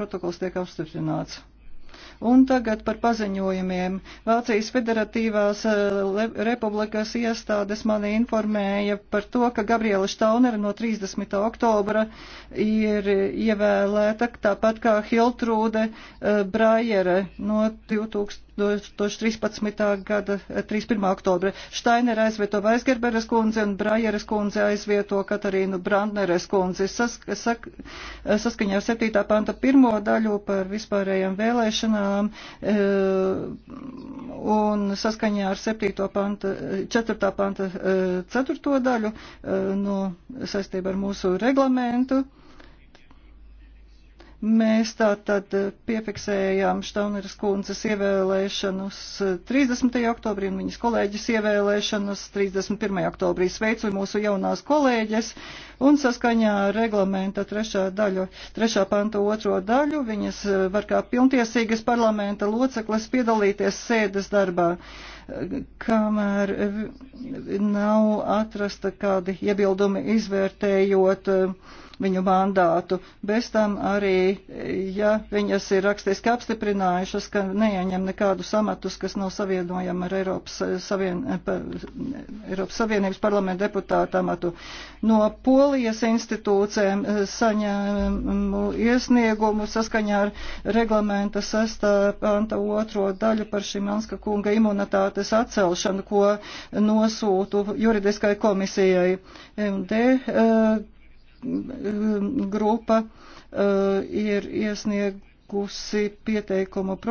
Protokols tiek apstiprināts. Un tagad par paziņojumiem. Vācijas Federatīvās eh, republikas iestādes mani informēja par to, ka Gabriela Štaunera no 30. oktobra ir ievēlēta tāpat kā Hiltrūde eh, Brajere no 2000. 2013. gada 31. Eh, oktobra. Štainer aizvieto Vaisgerberes kundzi un Brajeres kundzi aizvieto Katarīnu Brandneres kundzi. Sask, sak, saskaņā ar 7. panta pirmo daļu par vispārējām vēlēšanām dienām eh, un saskaņā ar 7. panta, 4. panta 4. Eh, daļu eh, no nu, saistībā ar mūsu reglamentu. Mēs tātad piefiksējām Štauneres kundzes ievēlēšanas 30. oktobrī un viņas kolēģis ievēlēšanas 31. oktobrī. Sveicu mūsu jaunās kolēģes un saskaņā ar reglamenta trešā, daļu, trešā panta otro daļu viņas eh, var kā pilntiesīgas parlamenta locekles piedalīties sēdes darbā kamēr nav atrasta kādi iebildumi izvērtējot eh, viņu mandātu. Bez tam arī, ja viņas ir rakstiski apstiprinājušas, ka neieņem nekādu samatus, kas nav savienojama ar Eiropas, eh, Savien, eh, pa, Eiropas Savienības parlamenta deputātu amatu. No polijas institūcijām saņēmu iesniegumu saskaņā ar reglamenta 6. panta 2. daļu par šī Manska kunga imunitātes atcelšanu, ko nos nosūtu juridiskai komisijai. MD eh, grupa eh, ir iesniegusi pieteikumu.